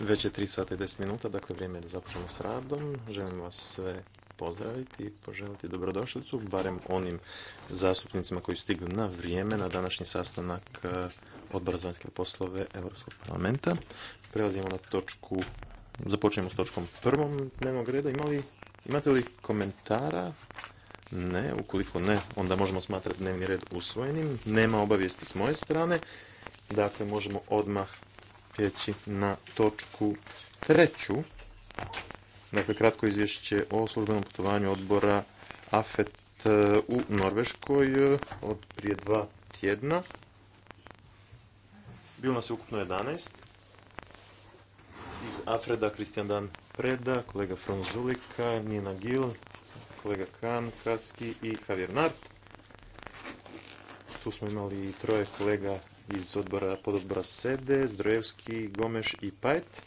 Već je 3 sata i 10 minuta, dakle vrijeme je da započnemo s radom. Želim vas sve pozdraviti i poželiti dobrodošlicu, barem onim zastupnicima koji stignu na vrijeme na današnji sastanak eh, odbora za vanjske poslove Europskog parlamenta. Prelazimo na točku, započnemo s točkom prvom dnevnog reda. imate li komentara? Ne, ukoliko ne, onda možemo smatrati dnevni red usvojenim. Nema obavijesti s moje strane. Dakle, možemo odmah prijeći na točku treću. Dakle, kratko izvješće o službenom putovanju odbora AFET eh, u Norveškoj eh, od prije dva tjedna. Bilo nas je ukupno 11. Iz Afreda Kristijan Dan Preda, kolega Franzulika, Nina Gil, kolega Kan, i Javier Nart. Tu smo imali troje kolega iz odbora, pod odbora Sede, Zdrojevski, Gomeš i Pajt.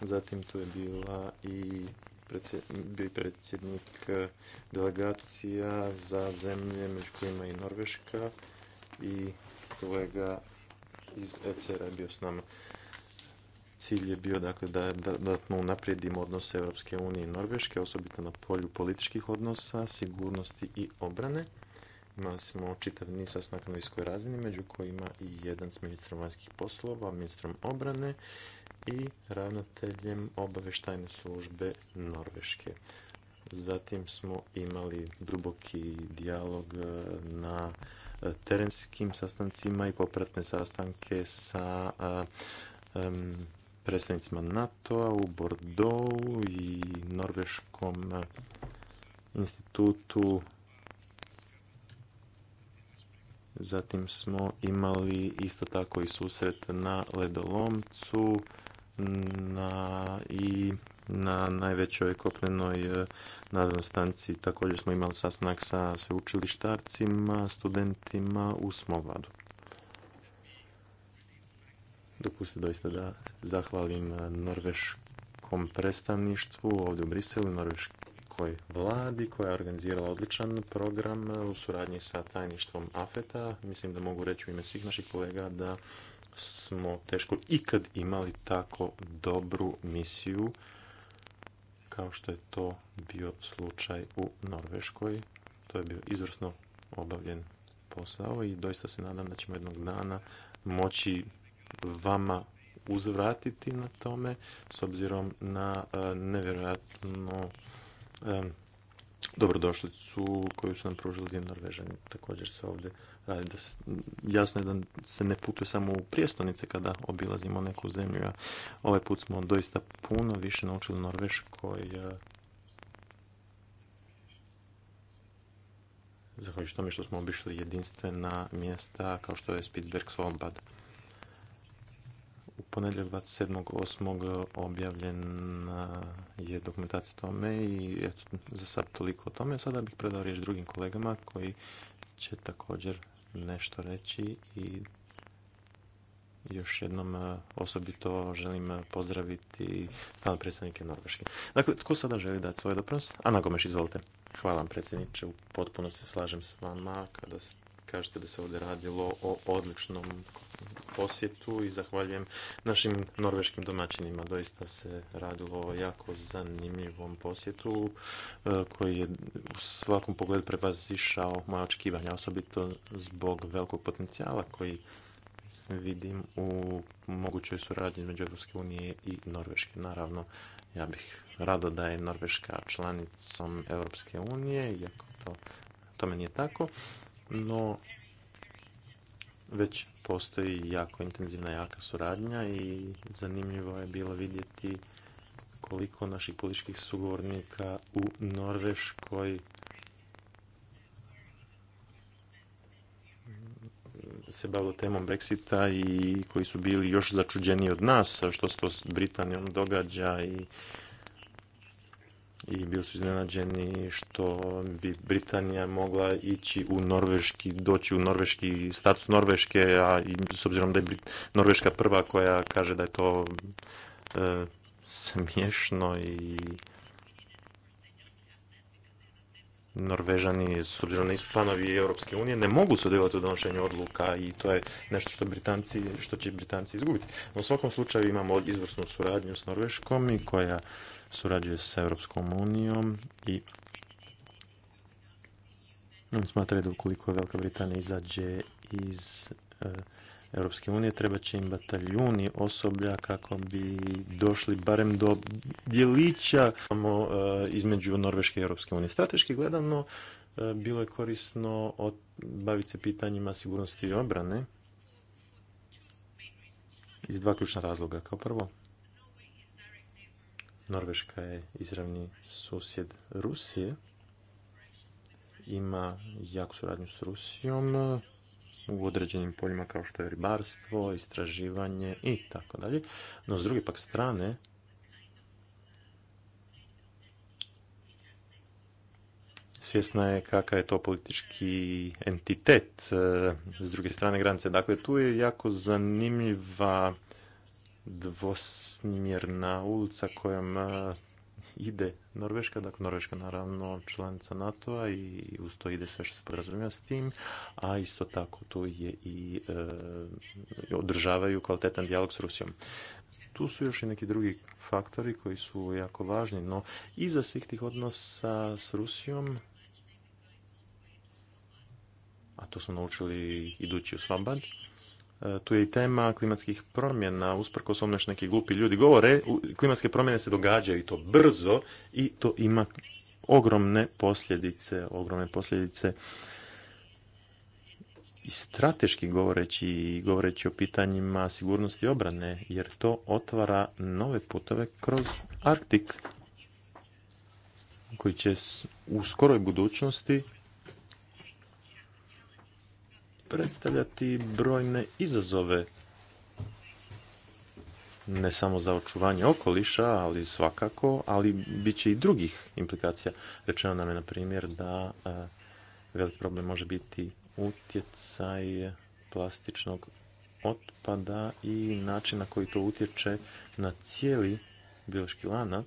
Zatim tu je bila i predsjednik delegacija za zemlje, među kojima i Norveška i kolega iz ECR-a bio s nama. Cilj je bio dakle, da dodatno unaprijedimo odnose Europske unije i Norveške, osobito na polju političkih odnosa, sigurnosti i obrane. Imali smo čitav niz sastanaka na visokoj razini, među kojima i jedan s ministrom vanjskih poslova, ministrom obrane i ravnateljem obaveštajne službe Norveške. Zatim smo imali duboki dijalog e, na e, terenskim sastancima i popratne sastanke sa e, predstavnicima NATO-a u Bordeauxu i Norveškom institutu Zatim smo imali isto tako i susret na ledolomcu na, i na najvećoj kopnenoj e, nadzornoj stanci. Također smo imali sastanak sa sveučilištarcima, studentima u Smolvadu. Dopustite doista da zahvalim norveškom predstavništvu ovdje u Briselu, norveškim ovoj vladi koja je organizirala odličan program u suradnji sa tajništvom AFETA. Mislim da mogu reći u ime svih naših kolega da smo teško ikad imali tako dobru misiju kao što je to bio slučaj u Norveškoj. To je bio izvrsno obavljen posao i doista se nadam da ćemo jednog dana moći vama uzvratiti na tome s obzirom na e, nevjerojatno dobrodošlicu koju su nam pružili dvije Norvežani. Također se ovdje radi da se, jasno je da se ne putuje samo u prijestolnice kada obilazimo neku zemlju. A ovaj put smo doista puno više naučili Norveškoj. E, zahvaljujući tome što smo obišli jedinstvena mjesta kao što je Spitsberg Svalbard ponedjeljak 27.8. E, objavljen je dokumentacija o tome i eto, za sad toliko o tome. Sada bih predao riječ drugim kolegama koji će također nešto reći i još jednom e, osobito želim pozdraviti stalne predstavnike Norveške. Dakle, tko sada želi dati svoj doprinos? Ana Gomeš, izvolite. Hvala vam predsjedniče, u potpunosti se slažem s vama kada ste kažete da se ovdje radilo o odličnom posjetu i zahvaljujem našim norveškim domaćinima. Doista se radilo o jako zanimljivom posjetu e, koji je u svakom pogledu prevazišao moja očekivanja, osobito zbog velikog potencijala koji vidim u mogućoj suradnji između Europske unije i Norveške. Naravno, ja bih rado da je Norveška članicom Europske unije, iako to tome nije tako no već postoji jako intenzivna jaka suradnja i zanimljivo je bilo vidjeti koliko naših političkih sugovornika u Norveškoj se bavilo temom Brexita i koji su bili još začuđeni od nas što se to s Britanijom događa i i bili su iznenađeni što bi Britanija mogla ići u norveški, doći u norveški status Norveške, a i s obzirom da je Norveška prva koja kaže da je to e, smiješno i Norvežani, s obzirom na članovi Europske unije, ne mogu sudjelovati u donošenju odluka i to je nešto što, Britanci, što će Britanci izgubiti. U svakom slučaju imamo izvrsnu suradnju s Norveškom i koja surađuje sa Europskom unijom i on smatra da ukoliko Velika Britanija izađe iz eh, Europske unije treba će im bataljuni osoblja kako bi došli barem do djelića eh, između Norveške i Europske unije. Strateški gledano eh, bilo je korisno baviti se pitanjima sigurnosti i obrane iz dva ključna razloga. Kao prvo, Norveška je izravni susjed Rusije, ima jaku suradnju s Rusijom u određenim poljima kao što je ribarstvo, istraživanje i tako dalje. No s druge pak strane, svjesna je kakav je to politički entitet eh, s druge strane granice. Dakle, tu je jako zanimljiva dvosmjerna ulica kojom e, ide Norveška, dakle Norveška naravno članica NATO-a i uz to ide sve što se podrazumijeva s tim, a isto tako tu je i e, održavaju kvalitetan dijalog s Rusijom. Tu su još i neki drugi faktori koji su jako važni, no iza svih tih odnosa s Rusijom, a to smo naučili idući u Svambad, E, tu je i tema klimatskih promjena, usprkos omneš neki glupi ljudi govore, klimatske promjene se događaju i to brzo i to ima ogromne posljedice, ogromne posljedice i strateški govoreći i govoreći o pitanjima sigurnosti obrane, jer to otvara nove putove kroz Arktik koji će u skoroj budućnosti predstavljati brojne izazove ne samo za očuvanje okoliša, ali svakako, ali bit će i drugih implikacija. Rečeno nam je, na primjer, da e, veliki problem može biti utjecaj plastičnog otpada i način na koji to utječe na cijeli biološki lanac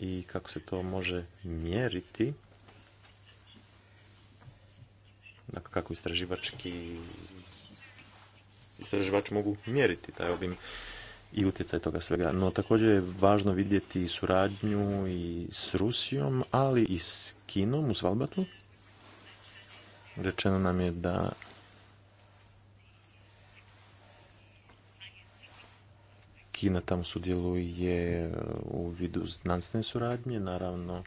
i kako se to može mjeriti Dakle, kako istraživački istraživač mogu mjeriti taj obim i utjecaj toga svega. No također je važno vidjeti suradnju i s Rusijom, ali i s Kinom u Svalbatu. Rečeno nam je da Kina tamo sudjeluje u vidu znanstvene suradnje, naravno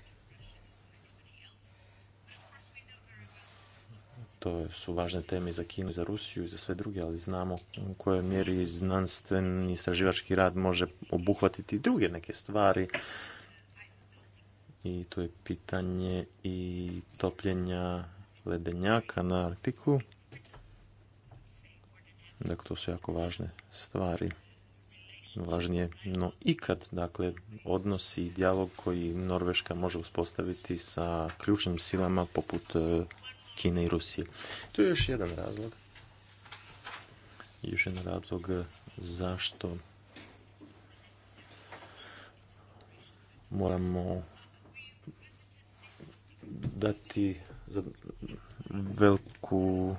to su važne teme za Kinu, i za Rusiju, i za sve druge, ali znamo u kojoj mjeri znanstveni istraživački rad može obuhvatiti i druge neke stvari. I to je pitanje i topljenja ledenjaka na Arktiku. Dakle, to su jako važne stvari. Važnije, no ikad, dakle, odnosi i dijalog koji Norveška može uspostaviti sa ključnim silama poput e, Kine i Rusije. Tu je još jedan razlog. Još jedan razlog e, zašto moramo dati za veliku,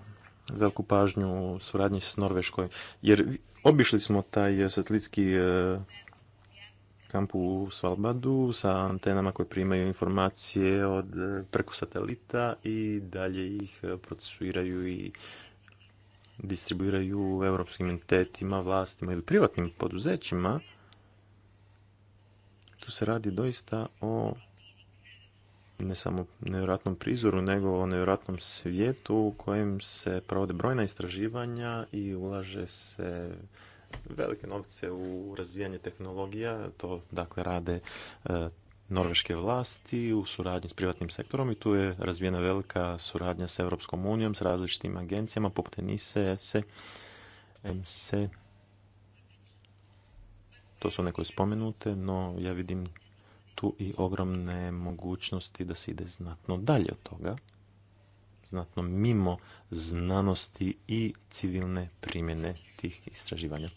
veliku pažnju suradnji s Norveškoj. Jer obišli smo taj e, satelitski e, kampu u Svalbadu sa antenama koje primaju informacije od, e, preko satelita i dalje ih e, procesuiraju i distribuiraju u europskim entitetima, vlastima ili privatnim poduzećima. Tu se radi doista o ne samo nevjerojatnom prizoru, nego o nevjerojatnom svijetu u kojem se provode brojna istraživanja i ulaže se velike novce u razvijanje tehnologija, to dakle rade e, norveške vlasti u suradnji s privatnim sektorom i tu je razvijena velika suradnja s Europskom unijom, s različitim agencijama poput ENISE, ESE, EMSE. To su neko spomenute, no ja vidim tu i ogromne mogućnosti da se ide znatno dalje od toga znatno mimo znanosti i civilne primjene tih istraživanja.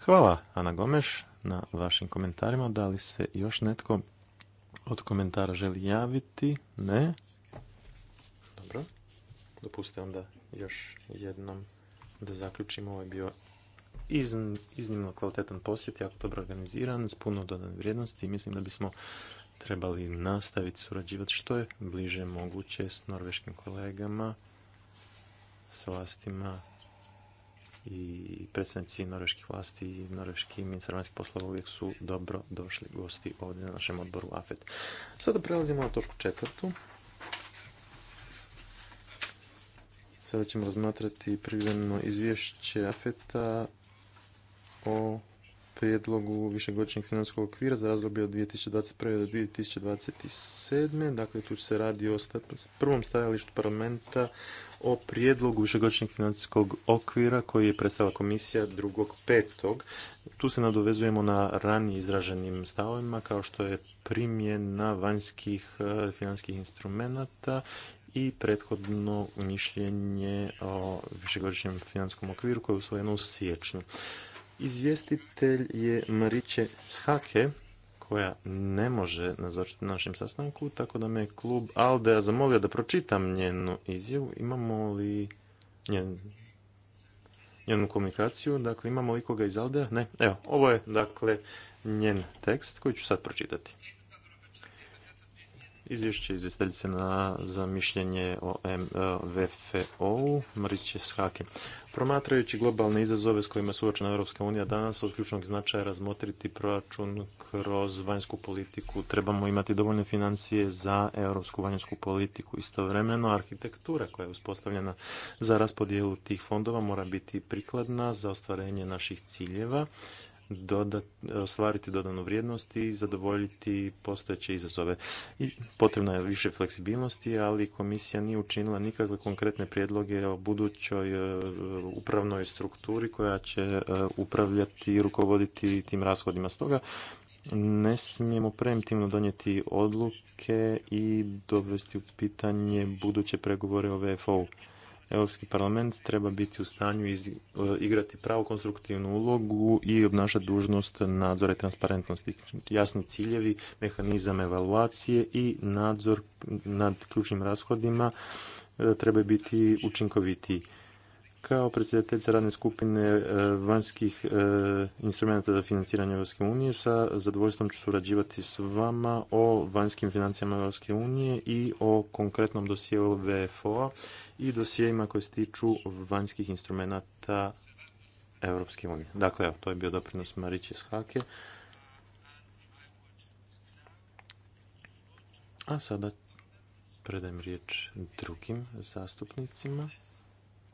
Hvala Ana Gomeš na vašim komentarima. Da li se još netko od komentara želi javiti? Ne. Dobro. Dopustite onda još jednom da zaključimo. Ovo je bio iznimno kvalitetan posjet, jako dobro organiziran, s puno dodane vrijednosti i mislim da bismo trebali nastaviti surađivati što je bliže moguće s norveškim kolegama, s vlastima i predstavnici norveških vlasti i norveški ministar vanjskih poslova uvijek su dobro došli gosti ovdje na našem odboru AFET. Sada prelazimo na točku četvrtu. Sada ćemo razmatrati privremeno izvješće AFETA o prijedlogu višegodišnjeg financijskog okvira za razdoblje od 2021. do 2027. Dakle, tu se radi o prvom stajalištu parlamenta o prijedlogu višegodišnjeg financijskog okvira koji je predstavila komisija 2.5. Tu se nadovezujemo na ranije izraženim stavovima kao što je primjena vanjskih e, financijskih instrumenata i prethodno mišljenje o višegodišnjem financijskom okviru koje je usvojeno u siječnju. Izvjestitelj je Mariće Shake, koja ne može nazočiti na našem sastanku, tako da me klub Aldea zamolio da pročitam njenu izjavu. Imamo li njenu komunikaciju? Dakle, imamo li koga iz Aldea? Ne. Evo, ovo je, dakle, njen tekst koji ću sad pročitati izvješće izvjestiteljice na za mišljenje o VFO-u s Promatrajući globalne izazove s kojima je suočena Europska unija danas od ključnog značaja razmotriti proračun kroz vanjsku politiku. Trebamo imati dovoljne financije za europsku vanjsku politiku. Istovremeno arhitektura koja je uspostavljena za raspodjelu tih fondova mora biti prikladna za ostvarenje naših ciljeva dodat, ostvariti dodanu vrijednost i zadovoljiti postojeće izazove. I potrebno je više fleksibilnosti, ali komisija nije učinila nikakve konkretne prijedloge o budućoj e, upravnoj strukturi koja će e, upravljati i rukovoditi tim rashodima. Stoga ne smijemo preemptivno donijeti odluke i dovesti u pitanje buduće pregovore o VFO-u. Europski parlament treba biti u stanju e, igrati pravu konstruktivnu ulogu i obnašati dužnost nadzora i transparentnosti. Jasni ciljevi, mehanizam evaluacije i nadzor nad ključnim rashodima e, treba biti učinkovitiji. Kao predsjedateljica radne skupine e, vanjskih e, instrumenta za financiranje Europske unije sa zadovoljstvom ću surađivati s vama o vanjskim financijama Europske unije i o konkretnom dosijelu vfo i dosijelima koje se tiču vanjskih instrumenta Europske unije. Dakle, evo, to je bio doprinos Marići iz Hake. A sada predajem riječ drugim zastupnicima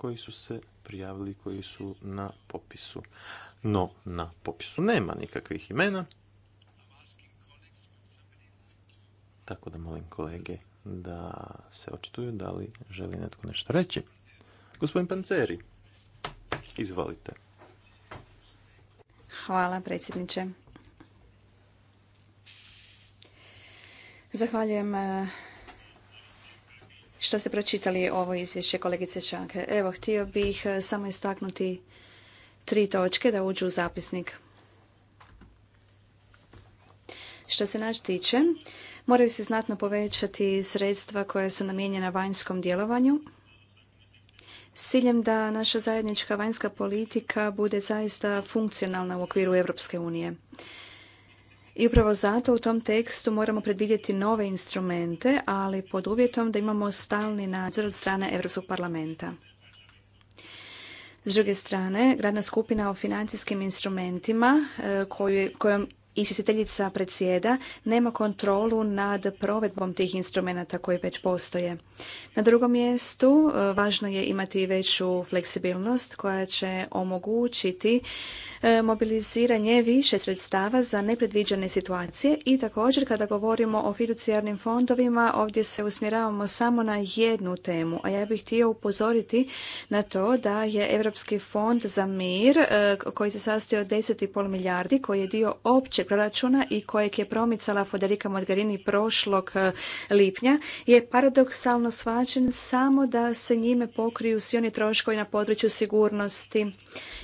koji su se prijavili, koji su na popisu. No, na popisu nema nikakvih imena. Tako da molim kolege da se očituju da li želi netko nešto reći. Gospodin Panceri, izvolite. Hvala predsjedniče. Zahvaljujem eh, što ste pročitali ovo izvješće kolegice Čanke. Evo, htio bih e, samo istaknuti tri točke da uđu u zapisnik. Što se nas tiče, moraju se znatno povećati sredstva koja su namijenjena vanjskom djelovanju s ciljem da naša zajednička vanjska politika bude zaista funkcionalna u okviru Europske unije. I upravo zato u tom tekstu moramo predvidjeti nove instrumente, ali pod uvjetom da imamo stalni nadzor od strane Europskog parlamenta. S druge strane, gradna skupina o financijskim instrumentima e, koju, kojom izvjestiteljica predsjeda nema kontrolu nad provedbom tih instrumenata koji već postoje. Na drugom mjestu e, važno je imati veću fleksibilnost koja će omogućiti E, mobiliziranje više sredstava za nepredviđene situacije i također kada govorimo o fiducijarnim fondovima ovdje se usmjeravamo samo na jednu temu, a ja bih htio upozoriti na to da je Europski fond za mir e, koji se sastoji od 10,5 milijardi koji je dio općeg proračuna i kojeg je promicala Federica Mogherini prošlog e, lipnja je paradoksalno shvaćen samo da se njime pokriju svi oni troškovi na području sigurnosti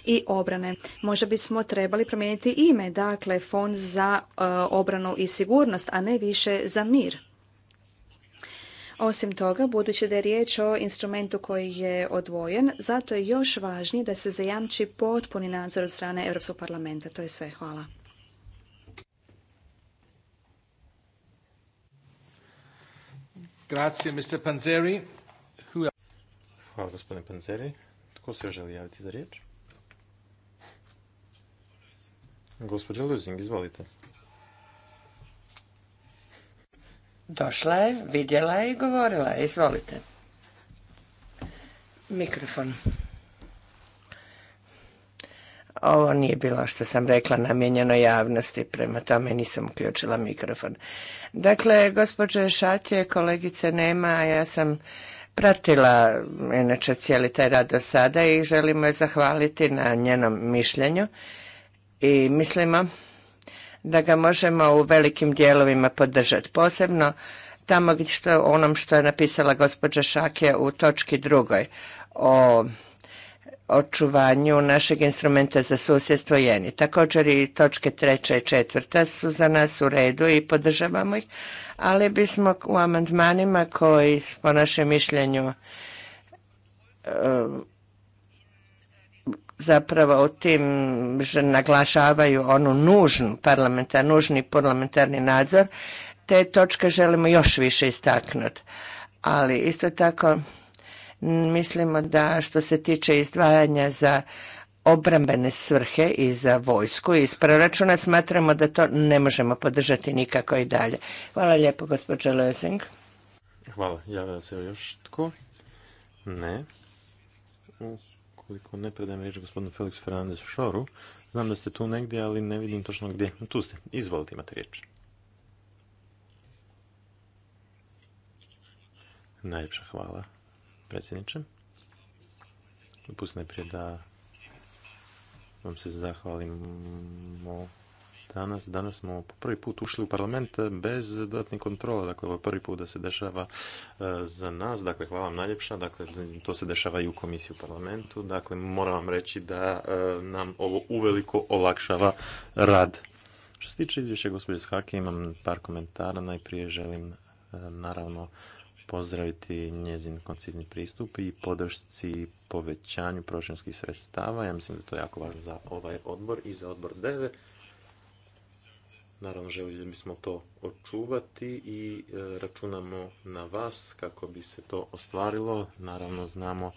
i obrane. Možda bismo trebali promijeniti ime, dakle Fond za e, obranu i sigurnost, a ne više za mir. Osim toga, budući da je riječ o instrumentu koji je odvojen, zato je još važnije da se zajamči potpuni nadzor od strane Europskog parlamenta. To je sve. Hvala. Grazie, Mr. Panzeri. Hvala, gospodine Panzeri. Tko se još želi javiti za riječ? Gospođa Luzing, izvolite. Došla je, vidjela je i govorila je. Izvolite. Mikrofon. Ovo nije bilo što sam rekla namijenjeno javnosti, prema tome nisam uključila mikrofon. Dakle, gospođe Šatje, kolegice nema, ja sam pratila inače cijeli taj rad do sada i želimo je zahvaliti na njenom mišljenju i mislimo da ga možemo u velikim dijelovima podržati. Posebno tamo što, onom što je napisala gospođa Šake u točki drugoj o očuvanju našeg instrumenta za susjedstvo jeni. Također i točke treća i četvrta su za nas u redu i podržavamo ih, ali bismo u amandmanima koji po našem mišljenju e, zapravo u tim naglašavaju onu nužnu parlamentar, nužni parlamentarni nadzor, te točke želimo još više istaknuti. Ali isto tako mislimo da što se tiče izdvajanja za obrambene svrhe i za vojsku iz proračuna smatramo da to ne možemo podržati nikako i dalje. Hvala lijepo gospođo Lezing. Hvala. Javio se još Ne ukoliko ne predajem riječ gospodinu Felix Fernandez Šoru. Znam da ste tu negdje, ali ne vidim točno gdje. Tu ste. Izvolite, imate riječ. Najljepša hvala, predsjedniče. Dopustite najprije da vam se zahvalimo danas. Danas smo po prvi put ušli u parlament bez dodatnih kontrola. Dakle, ovo je prvi put da se dešava e, za nas. Dakle, hvala vam najljepša. Dakle, to se dešava i u komisiji u parlamentu. Dakle, moram vam reći da e, nam ovo uveliko olakšava rad. Što se tiče izvješća gospođe Skake, imam par komentara. Najprije želim, e, naravno, pozdraviti njezin koncizni pristup i podršci povećanju proračunskih sredstava. Ja mislim da to je jako važno za ovaj odbor i za odbor DEVE Naravno, da bismo to očuvati i e, računamo na vas kako bi se to ostvarilo. Naravno, znamo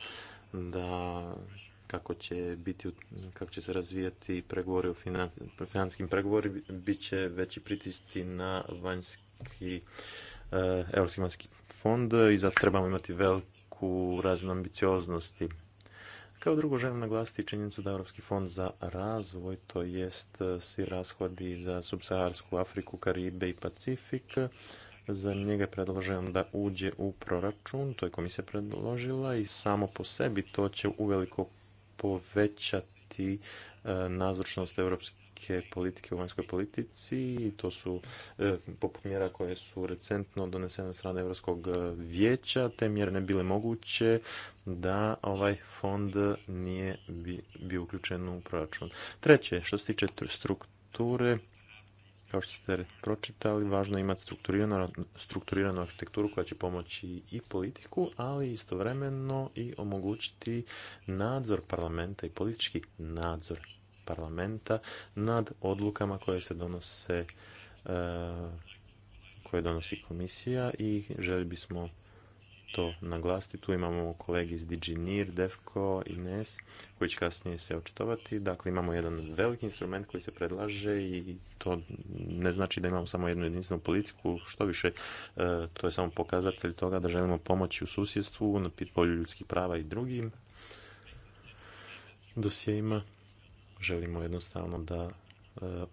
da kako će, biti, kako će se razvijati pregovori o financijskim pregovori, bit će veći pritisci na vanjski, e, europski vanjski fond i zato trebamo imati veliku razinu ambicioznosti. Kao drugo želim naglasiti činjenicu da Europski fond za razvoj, to jest e, svi rashodi za subsaharsku Afriku, Karibe i Pacifik, za njega predlažem da uđe u proračun, to je komisija predložila i samo po sebi to će uveliko povećati e, nazočnost Europske politike u vanjskoj politici i to su e, poput mjera koje su recentno donesene od strane Europskog e, vijeća. Te mjere ne bile moguće da ovaj fond nije bio uključen u proračun. Treće, što se tiče strukture, kao što ste pročitali, važno je imati strukturiranu arhitekturu koja će pomoći i politiku, ali istovremeno i omogućiti nadzor parlamenta i politički nadzor parlamenta nad odlukama koje se donose e, koje donosi komisija i želi bismo to naglasiti. Tu imamo kolegi iz Diginir, Defko, Nes, koji će kasnije se očitovati. Dakle, imamo jedan veliki instrument koji se predlaže i to ne znači da imamo samo jednu jedinstvenu politiku. Što više, e, to je samo pokazatelj toga da želimo pomoći u susjedstvu, na polju ljudskih prava i drugim dosjeima želimo jednostavno da e,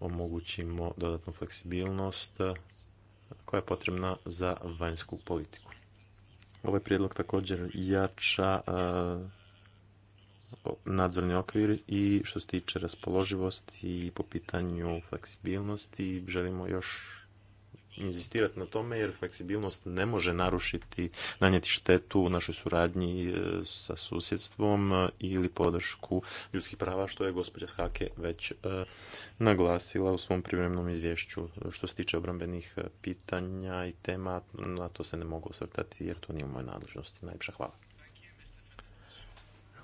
omogućimo dodatnu fleksibilnost e, koja je potrebna za vanjsku politiku. Ovaj prijedlog također jača e, nadzorni okvir i što se tiče raspoloživosti i po pitanju fleksibilnosti želimo još inzistirati na tome jer fleksibilnost ne može narušiti, nanijeti štetu u našoj suradnji e, sa susjedstvom e, ili podršku ljudskih prava, što je gospođa Hake već e, naglasila u svom privremenom izvješću. Što se tiče obrambenih pitanja i tema, na to se ne mogu osvrtati jer to nije u mojoj nadležnosti. Najpša hvala.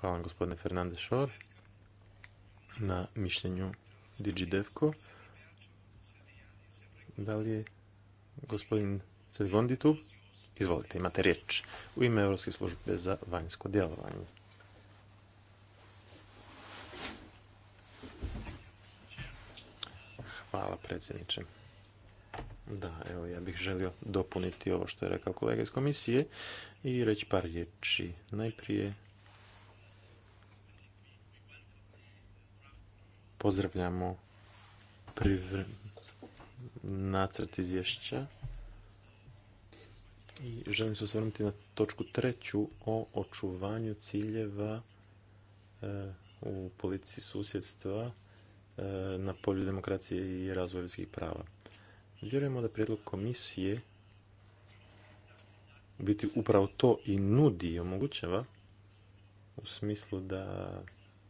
Hvala gospodine Fernandez Šor na mišljenju DigiDevko. Da li je Gospodin tu. izvolite, imate riječ u ime Europske službe za vanjsko djelovanje. Hvala predsjedniče. Da, evo ja bih želio dopuniti ovo što je rekao kolega iz komisije i reći par riječi. Najprije pozdravljamo nacrt izvješća. I želim se osvrnuti na točku treću o očuvanju ciljeva e, u politici susjedstva e, na polju demokracije i razvoja ljudskih prava. Vjerujemo da prijedlog komisije biti upravo to i nudi i omogućava u smislu da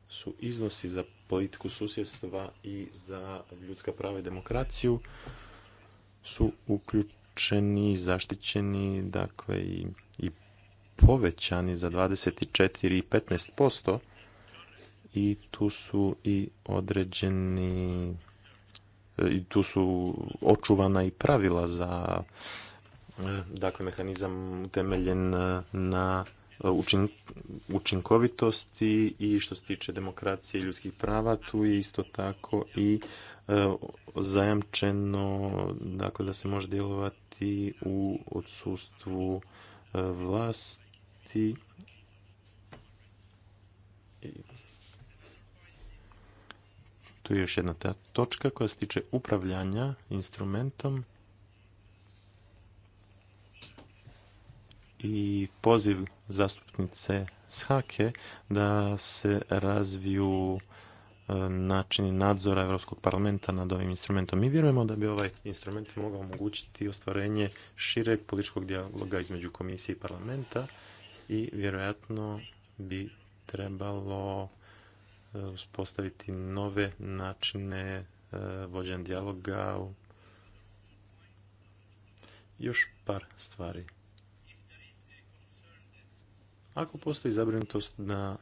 su iznosi za politiku susjedstva i za ljudska prava i demokraciju su uključeni, zaštićeni, dakle i, i povećani za 24 i 15% i tu su i određeni e, i tu su očuvana i pravila za e, dakle mehanizam utemeljen e, na učinkovitosti i što se tiče demokracije i ljudskih prava, tu je isto tako i e, zajamčeno dakle, da se može djelovati u odsustvu e, vlasti tu je još jedna ta točka koja se tiče upravljanja instrumentom i poziv zastupnice Shake da se razviju e, načini nadzora Europskog parlamenta nad ovim instrumentom. Mi vjerujemo da bi ovaj instrument mogao omogućiti ostvarenje šireg političkog dijaloga između komisije i parlamenta i vjerojatno bi trebalo e, uspostaviti nove načine e, vođenja dijaloga. Još par stvari. Ako postoji zabrinutost na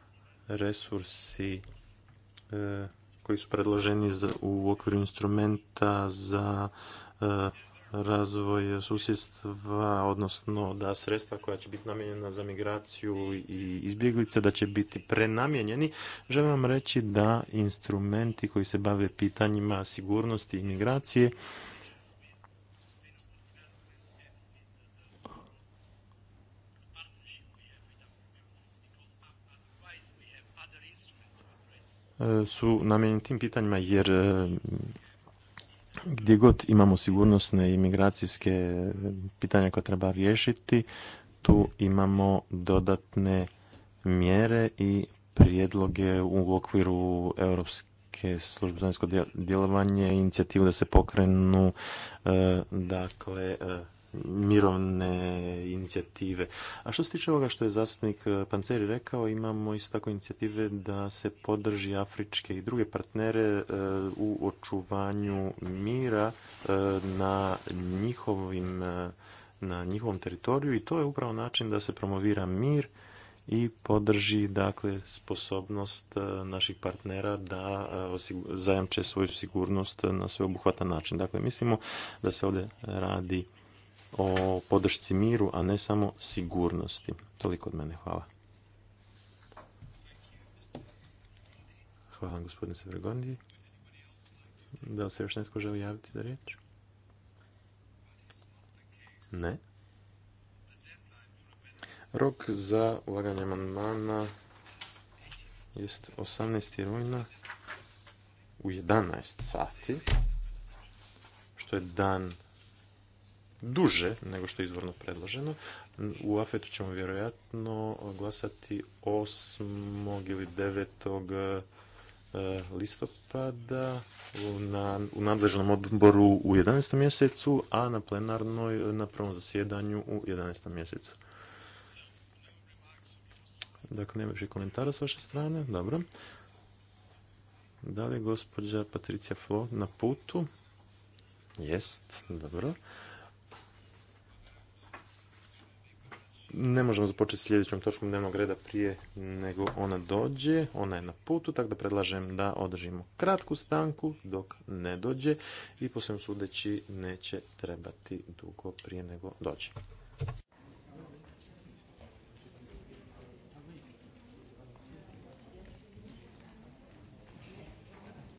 resursi e, koji su predloženi u okviru instrumenta za e, razvoj susjedstva, odnosno da sredstva koja će biti namijenjena za migraciju i izbjeglice, da će biti prenamijenjeni, želim vam reći da instrumenti koji se bave pitanjima sigurnosti i migracije su namijenjeni tim pitanjima jer e, gdje god imamo sigurnosne i migracijske pitanja koja treba riješiti, tu imamo dodatne mjere i prijedloge u okviru Europske službe za djelovanje, inicijativu da se pokrenu e, dakle e, mirovne inicijative. A što se tiče ovoga što je zastupnik eh, Panceri rekao, imamo isto tako inicijative da se podrži afričke i druge partnere eh, u očuvanju mira eh, na njihovim na njihovom teritoriju i to je upravo način da se promovira mir i podrži dakle sposobnost naših partnera da zajamče svoju sigurnost na sveobuhvatan način. Dakle, mislimo da se ovdje radi o podršci miru, a ne samo sigurnosti. Toliko od mene, hvala. Hvala gospodine Sevregondi. Da li se još netko želi javiti za riječ? Ne. Rok za ulaganje amandmana jest 18. rujna u 11 sati, što je dan duže nego što je izvorno predloženo. U Afetu ćemo vjerojatno glasati 8. ili 9 e, listopada u nadležnom odboru u 11. mjesecu, a na plenarnoj na prvom zasjedanju u 11. mjesecu. Dakle, nema više komentara s vaše strane. Dobro. Da li je gospođa Patricija Flo na putu? Jest, dobro. ne možemo započeti sljedećom točkom dnevnog reda prije nego ona dođe. Ona je na putu, tako da predlažem da održimo kratku stanku dok ne dođe i po svem sudeći neće trebati dugo prije nego dođe.